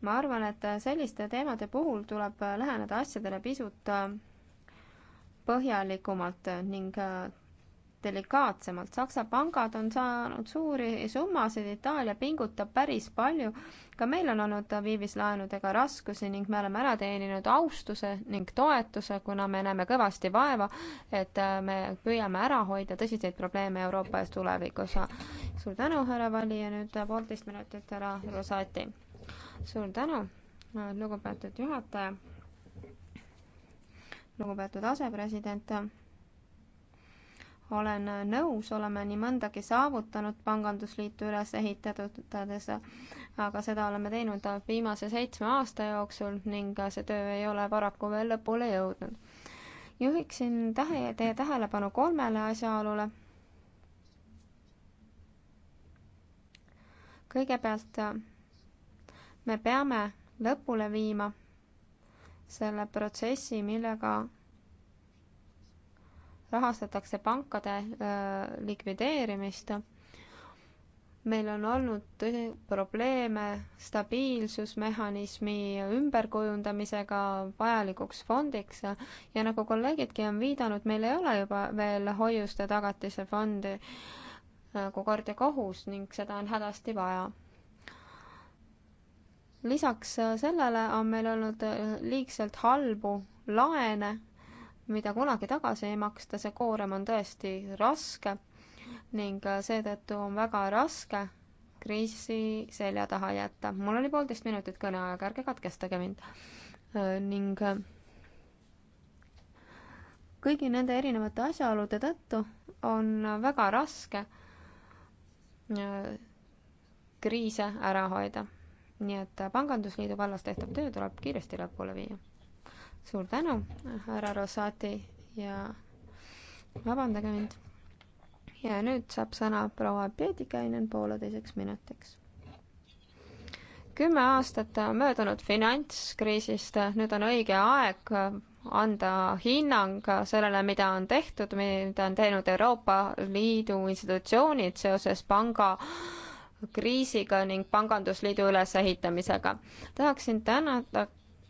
ma arvan, et selliste teemade puhul tuleb läheneda asjadele pisut põhjalikumalt ning delikaatsemalt. Saksa pangad on saanud suuri summasid, Itaalia pingutab päris palju. ka meil on olnud Aviivis laenudega raskusi ning me oleme ära teeninud austuse ning toetuse, kuna me näeme kõvasti vaeva, et äh, me püüame ära hoida tõsiseid probleeme Euroopa ees tulevikus. suur tänu, härra Vali ja nüüd poolteist minutit härra Rosati. suur tänu, äh, lugupeetud juhataja, lugupeetud asepresident olen nõus, oleme nii mõndagi saavutanud pangandusliitu üles ehitades, aga seda oleme teinud viimase seitsme aasta jooksul ning see töö ei ole paraku veel lõpule jõudnud. juhiksin tähe, teie tähelepanu kolmele asjaolule. kõigepealt me peame lõpule viima selle protsessi, millega rahastatakse pankade äh, likvideerimist. meil on olnud äh, probleeme stabiilsusmehhanismi ümberkujundamisega vajalikuks fondiks ja nagu kolleegidki on viidanud, meil ei ole juba veel hoiuste tagatise fondi nagu kord ja kohus ning seda on hädasti vaja lisaks sellele on meil olnud liigselt halbu laene mida kunagi tagasi ei maksta, see koorem on tõesti raske ning äh, seetõttu on väga raske kriisi selja taha jätta. mul oli poolteist minutit kõneaega, ärge katkestage mind. Äh, ning äh, kõigi nende erinevate asjaolude tõttu on väga raske kriise ära hoida. nii et Pangandusliidu vallas tehtav töö tuleb kiiresti lõpule viia suur tänu, härra Rosati ja vabandage mind. ja nüüd saab sõna proua Peetikainen pooleteiseks minutiks. kümme aastat möödunud finantskriisist, nüüd on õige aeg anda hinnang sellele, mida on tehtud, mida on teinud Euroopa Liidu institutsioonid seoses panga kriisiga ning pangandusliidu ülesehitamisega. tahaksin tänada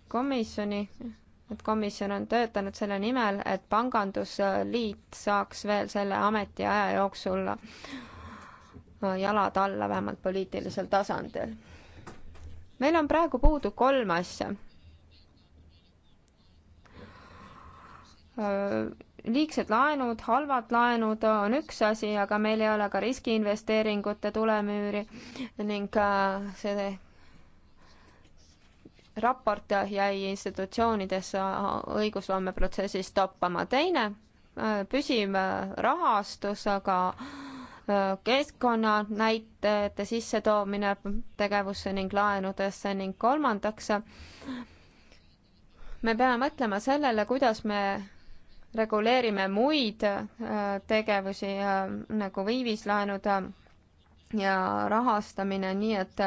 komisjoni et komisjon on töötanud selle nimel, et pangandusliit saaks veel selle ametiaja jooksul jalad alla, vähemalt poliitilisel tasandil. meil on praegu puudu kolm asja. liigsed laenud, halvad laenud on üks asi, aga meil ei ole ka riskiinvesteeringute tulemüüri ning see raport jäi institutsioonides õigusloomeprotsessis toppama. teine äh, püsiv äh, rahastus, aga äh, keskkonnanäitajate sissetoomine tegevusse ning laenudesse ning kolmandaks, me peame mõtlema sellele, kuidas me reguleerime muid tegevusi nagu viivislaenud ja rahastamine, nii et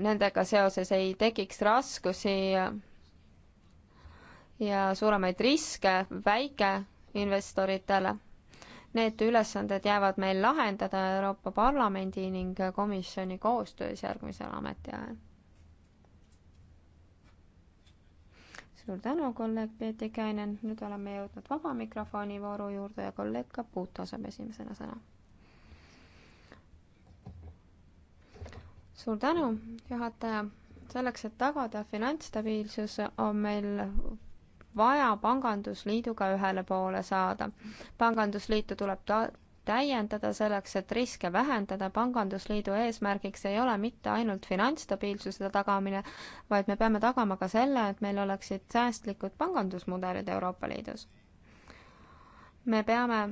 nendega seoses ei tekiks raskusi ja suuremaid riske väikeinvestoritele. Need ülesanded jäävad meil lahendada Euroopa Parlamendi ning komisjoni koostöös järgmisel ametiajal. suur tänu, kolleeg Peeti Käinen, nüüd oleme jõudnud vaba mikrofoni vooru juurde ja kolleeg Caputo saab esimesena sõna suur tänu, juhataja. selleks, et tagada finantsstabiilsus, on meil vaja pangandusliiduga ühele poole saada. pangandusliitu tuleb ta-, täiendada selleks, et riske vähendada. pangandusliidu eesmärgiks ei ole mitte ainult finantsstabiilsuse tagamine, vaid me peame tagama ka selle, et meil oleksid säästlikud pangandusmudelid Euroopa Liidus. me peame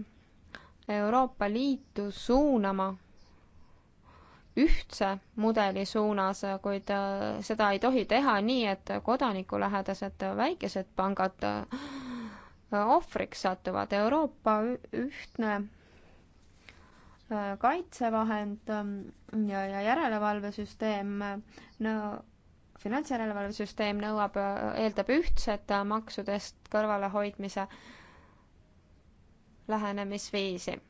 Euroopa Liitu suunama ühtse mudeli suunas, kuid äh, seda ei tohi teha nii, et kodanikulähedased väikesed pangad äh, ohvriks satuvad. Euroopa ühtne äh, kaitsevahend ähm, ja, ja järelevalvesüsteem no, finantsjärelevalvesüsteem nõuab, eeldab ühtset maksudest kõrvalehoidmise lähenemisviisi.